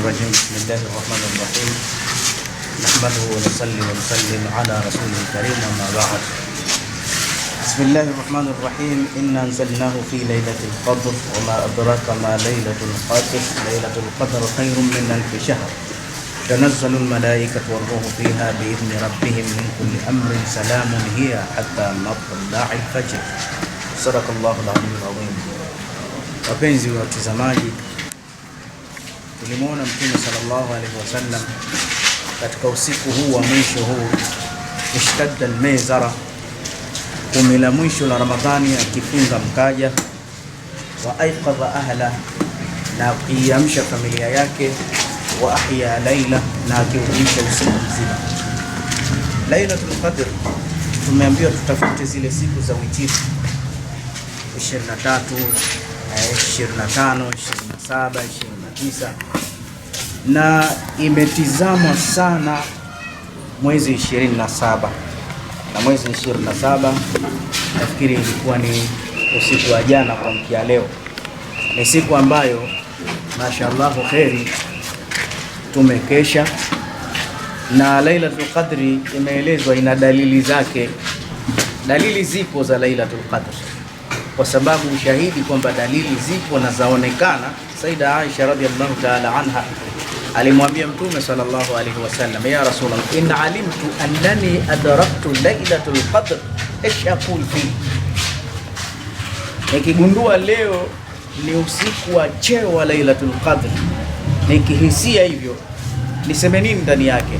الرجيم بسم الله الرحمن الرحيم نحمده ونصلي ونسلم على رسوله الكريم أما بعد بسم الله الرحمن الرحيم إنا أنزلناه في ليلة القدر وما أدراك ما ليلة القدر ليلة القدر خير من ألف شهر تنزل الملائكة والروح فيها بإذن ربهم من كل أمر سلام هي حتى مطلع الفجر صدق الله العظيم العظيم wapenzi wa watazamaji Tulimwona Mtume sallallahu alaihi wasallam katika usiku huu wa mwisho huu, ishtadda almezara, kumi la mwisho la Ramadhani, akifunga mkaja wa aiqadha ahla, na akiamsha familia yake, wa ahya laila, na akiuisha usiku mzima. Lailatul Qadr tumeambiwa tutafute zile siku za witiri 23, 25, 27, 27 tisa na imetizamwa sana mwezi 27 na mwezi 27 nafikiri ilikuwa ni usiku wa jana kwa mkia leo, ni siku ambayo mashallahu kheri tumekesha, na Lailatul Qadri imeelezwa ina dalili zake. Dalili zipo za Lailatul Qadri, kwa sababu ushahidi kwamba dalili zipo na zaonekana Saida Aisha radhiallahu ta'ala anha alimwambia Mtume sallallahu alaihi wasallam, ya Rasulullah, in alimtu annani adraktu lailatul qadr ish aqul fi, nikigundua leo ni usiku wa cheo wa lailatul qadr, nikihisia hivyo niseme nini ndani yake?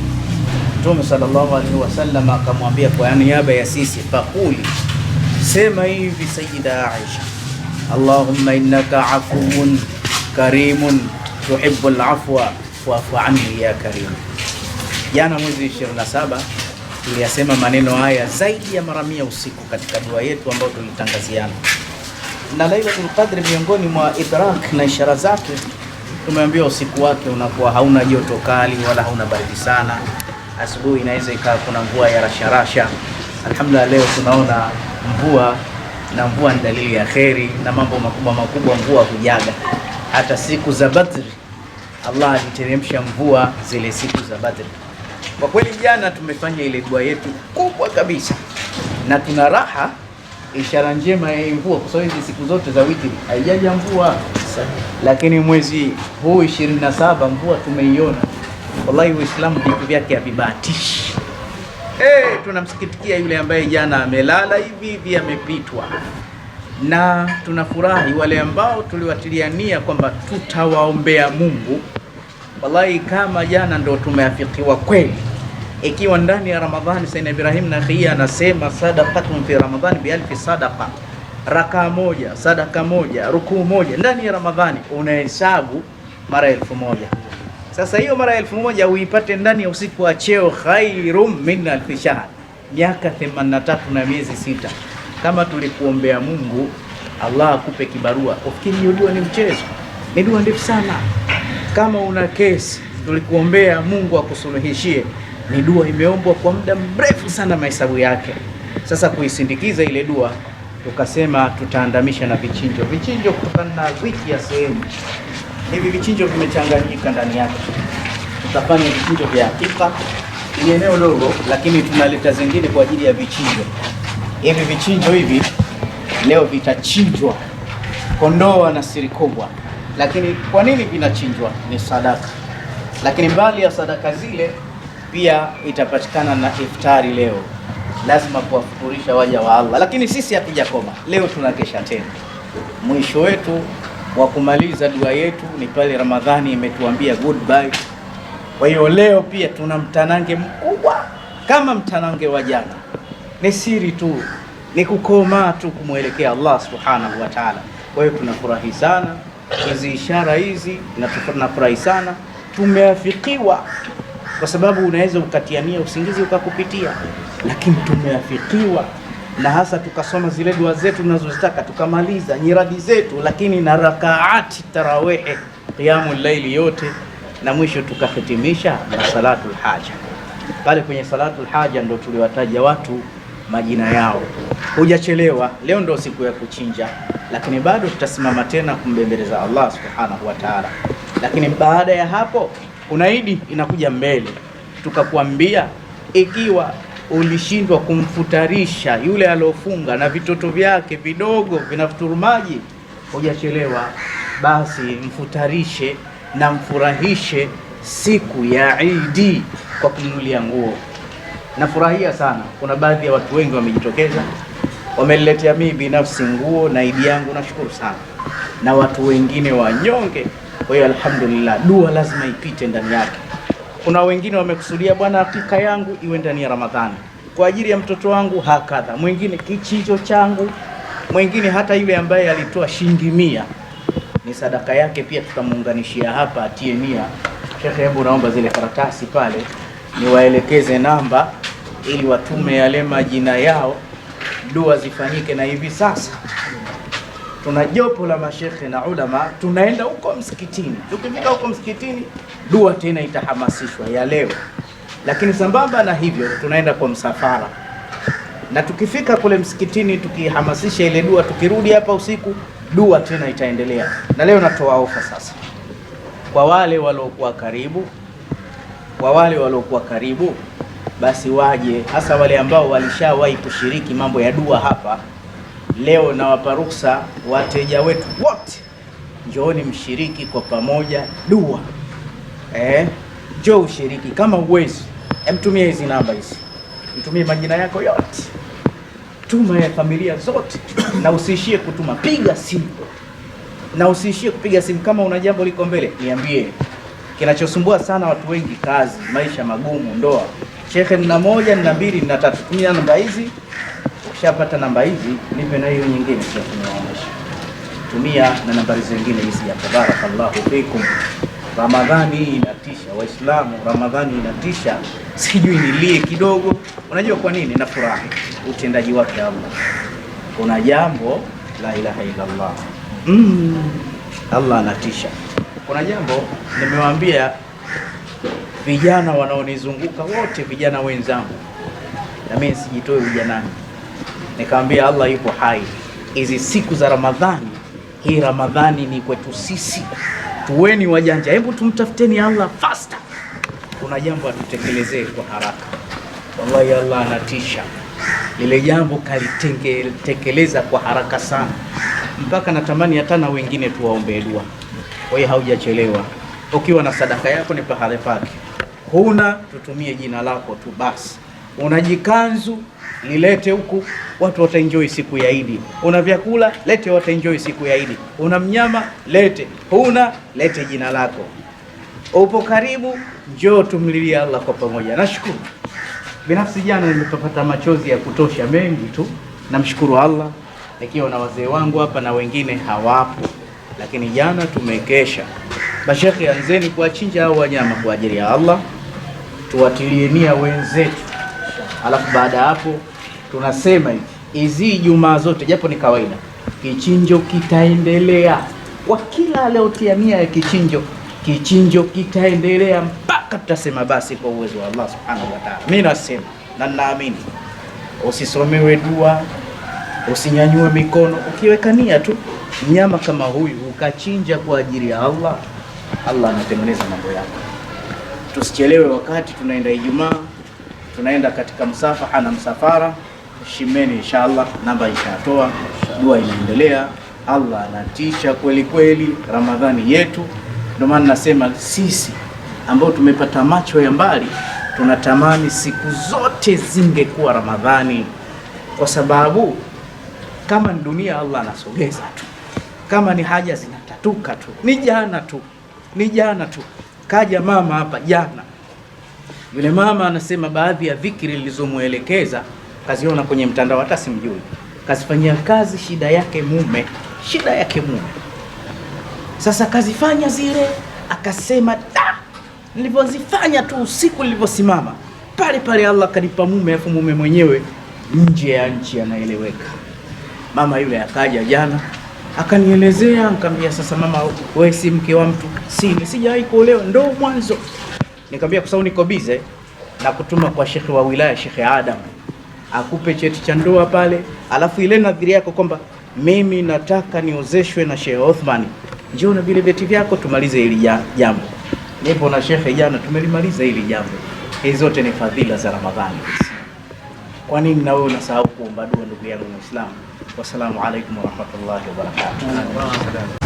Mtume sallallahu alaihi wasallam akamwambia kwa niaba ya sisi, faquli, sema hivi Sayyida Aisha, Allahumma innaka afuwun karimun tuhibbu al-afwa fa'fu anni ya karim. Jana mwezi 27 tuliyasema maneno haya zaidi ya mara mia usiku katika dua yetu ambayo tulitangaziana, na Lailatul Qadr miongoni mwa idrak na ishara zake tumeambiwa usiku wake unakuwa hauna joto kali wala hauna baridi sana. Asubuhi inaweza ikawa kuna mvua ya rasharasha. Alhamdulillah, leo tunaona mvua, na mvua ni dalili ya kheri na mambo makubwa makubwa mvua hujaga hata siku za Badri Allah aliteremsha mvua zile siku za Badri. Kwa kweli jana tumefanya ile dua yetu kubwa kabisa na tuna raha, ishara njema ya mvua, kwa sababu hizi siku zote za witri haijaja mvua, lakini mwezi huu 27 mvua tumeiona. Wallahi Uislamu vitu vyake havibahatishi. Eh, tunamsikitikia yule ambaye jana amelala hivi hivi amepitwa na tunafurahi wale ambao tuliwatilia nia kwamba tutawaombea Mungu. Wallahi, kama jana ndo tumeafikiwa kweli, ikiwa ndani ya Ramadhani. Sayyidna Ibrahim Nahia anasema sadaqatun fi Ramadhani bi alfi sadaqa, rakaa moja sadaka moja rukuu moja ndani ya Ramadhani unahesabu mara elfu moja. Sasa hiyo mara elfu moja uipate ndani ya usiku wa cheo, khairum min alfi shahr, miaka 83 na miezi sita kama tulikuombea Mungu Allah akupe kibarua. Ufikiri hiyo dua ni mchezo? Ni dua ndefu sana. Kama una kesi, tulikuombea Mungu akusuluhishie. Ni dua imeombwa kwa muda mrefu sana, mahesabu yake. Sasa kuisindikiza ile dua, tukasema tutaandamisha na vichinjo. Vichinjo kutokana na wiki ya sehemu, hivi vichinjo vimechanganyika ndani yake. Tutafanya vichinjo vya hakika, ni eneo dogo, lakini tunaleta zingine kwa ajili ya vichinjo hivi vichinjo hivi leo vitachinjwa kondoo na siri kubwa, lakini kwa nini vinachinjwa? Ni sadaka, lakini mbali ya sadaka zile pia itapatikana na iftari leo, lazima kuwafuturisha waja wa Allah. Lakini sisi hatujakoma leo, tunakesha tena. Mwisho wetu wa kumaliza dua yetu ni pale Ramadhani imetuambia goodbye. Kwa hiyo leo pia tuna mtanange mkubwa kama mtanange wa jana ni siri tu, ni kukoma tu kumwelekea Allah subhanahu wa taala. Kwa hiyo tunafurahi sana hizi ishara hizi, tunafurahi sana tumeafikiwa, kwa sababu unaweza ukatiania usingizi ukakupitia, lakini tumeafikiwa na hasa tukasoma zile dua zetu tunazozitaka tukamaliza nyiradi zetu, lakini na rakaati tarawehe qiyamu laili yote, na mwisho tukahitimisha na salatu lhaja. Pale kwenye salatu lhaja ndo tuliwataja watu majina yao. Hujachelewa, leo ndio siku ya kuchinja, lakini bado tutasimama tena kumbembeleza Allah subhanahu wa taala. Lakini baada ya hapo, kuna idi inakuja mbele, tukakwambia ikiwa ulishindwa kumfutarisha yule aliofunga na vitoto vyake vidogo vinafuturumaji, hujachelewa, basi mfutarishe na mfurahishe siku ya idi kwa kumnulia nguo. Nafurahia sana, kuna baadhi ya watu wengi wamejitokeza, wameniletea mimi binafsi nguo na idi yangu, nashukuru sana, na watu wengine wanyonge. Kwa hiyo alhamdulillah, dua lazima ipite ndani yake. Kuna wengine wamekusudia, bwana, hakika yangu iwe ndani ya Ramadhani kwa ajili ya mtoto wangu, hakadha mwingine kichicho changu, mwingine hata yule ambaye alitoa shilingi mia ni sadaka yake, pia tutamuunganishia hapa, atie nia. Shekhe, hebu naomba zile karatasi pale niwaelekeze namba ili watume yale majina yao, dua zifanyike. Na hivi sasa tuna jopo la mashekhe na ulama, tunaenda huko msikitini. Tukifika huko msikitini, dua tena itahamasishwa ya leo, lakini sambamba na hivyo tunaenda kwa msafara, na tukifika kule msikitini tukihamasisha ile dua, tukirudi hapa usiku dua tena itaendelea. Na leo natoa ofa sasa kwa wale waliokuwa karibu, kwa wale waliokuwa karibu basi waje, hasa wale ambao walishawahi kushiriki mambo ya dua hapa. Leo nawapa ruhusa wateja wetu wote, njooni mshiriki kwa pamoja dua. Eh, njoo ushiriki. Kama uwezi, mtumie hizi namba hizi, mtumie majina yako yote, tuma ya familia zote, na usiishie kutuma, piga simu na usiishie kupiga simu. Kama una jambo liko mbele, niambie. Kinachosumbua sana watu wengi, kazi, maisha magumu, ndoa shekhe, nina moja nina mbili nina tatu, tumia namba hizi. Ukishapata namba hizi nipe na hiyo nyingine, tunaonesha tumia na nambari zingine hizi. Barakallahu fikum. Ramadhani hii inatisha Waislamu, Ramadhani inatisha, sijui nilie kidogo. Unajua kwa nini? Na furaha utendaji wake Allah. Kuna jambo la ilaha illa Allah. Mm. Allah anatisha. Kuna jambo nimewaambia vijana wanaonizunguka wote, vijana wenzangu, na mimi sijitoe ujanani. Nikamwambia Allah yupo hai, hizi siku za Ramadhani, hii Ramadhani ni kwetu sisi, tuweni wajanja, hebu tumtafuteni Allah faster, kuna jambo atutekelezee kwa haraka. Wallahi Allah anatisha, lile jambo kalitekeleza kwa haraka sana, mpaka natamani hata na wengine tuwaombee dua. Kwa hiyo haujachelewa, ukiwa na sadaka yako ni pahali pake huna, tutumie jina lako tu basi. Unajikanzu nilete huku, watu wataenjoy siku ya Idi. Una vyakula lete, wataenjoy siku ya Idi. Una mnyama lete, huna lete jina lako. Upo karibu, njoo tumlilie Allah kwa pamoja. Nashukuru binafsi, jana nimepata machozi ya kutosha mengi tu. Namshukuru Allah nikiwa na wazee wangu hapa na wengine hawapo, lakini jana tumekesha. Bashekhi, anzeni kuwachinja hao wanyama kwa ajili ya Allah tuwatilie nia wenzetu, alafu baada ya hapo tunasema hivi, hizi Ijumaa zote japo ni kawaida, kichinjo kitaendelea. kila aliotia nia ya kichinjo, kichinjo kitaendelea mpaka tutasema basi kwa uwezo wa Allah subhanahu wa ta'ala. Mimi nasema na ninaamini, usisomewe dua, usinyanyue mikono, ukiweka nia tu mnyama kama huyu ukachinja kwa ajili ya Allah, Allah anatengeneza mambo yako tusichelewe wakati tunaenda Ijumaa, tunaenda katika msafaha na msafara. Shimeni inshallah, namba ishatoa, dua inaendelea. Allah anatisha kweli kweli, Ramadhani yetu. Ndio maana nasema sisi ambao tumepata macho ya mbali tunatamani siku zote zingekuwa Ramadhani, kwa sababu kama ni dunia Allah anasogeza tu, kama ni haja zinatatuka tu, ni jana tu, ni jana tu. Kaja mama hapa jana, yule mama anasema baadhi ya dhikri lilizomwelekeza kaziona kwenye mtandao, hata simjui, kazifanyia kazi. Shida yake mume, shida yake mume. Sasa kazifanya zile, akasema da, nilivyozifanya tu usiku nilivyosimama pale pale, Allah kanipa mume, afu mume mwenyewe nje ya nchi anaeleweka. Mama yule akaja jana Akanielezea, nikamwambia sasa, mama wewe si mke wa mtu? Si, sijawahi kuolewa, ndo mwanzo. Nikamwambia kwa sababu niko bize na kutuma kwa shekhe wa wilaya, Shekhe Adam akupe cheti cha ndoa pale, alafu ile nadhiri yako kwamba mimi nataka niozeshwe na Sheikh Othman, njoo na vile vyeti vyako tumalize hili jambo. Nipo na shekhe jana, tumelimaliza hili jambo. Hizi zote ni fadhila za Ramadhani. Kwa nini na wewe unasahau kuomba dua, ndugu yangu Muislamu? Wassalamu alaikum warahmatullahi wabarakatuh.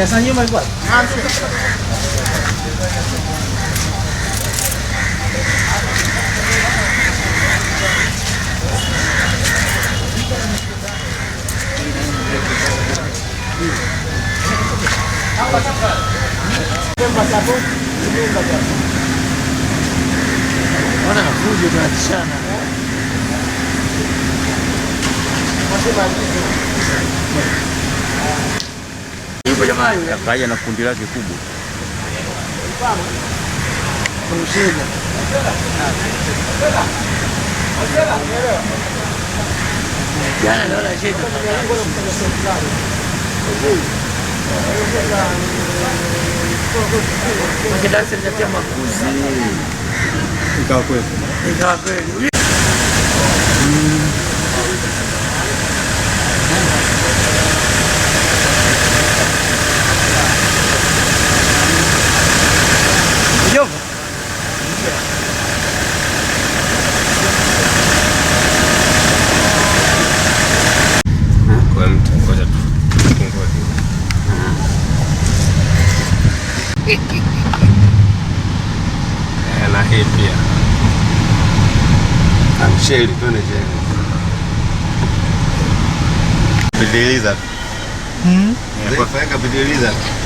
Pesa nyo malikuwa? Wanakuja tunatishana. Wasema huko jamani. Kaja na kundi lake kubwa. Ikawa mm. Eh, na hii pia amsheli tuone je, bidiliza. Mhm. Eh, bidiliza.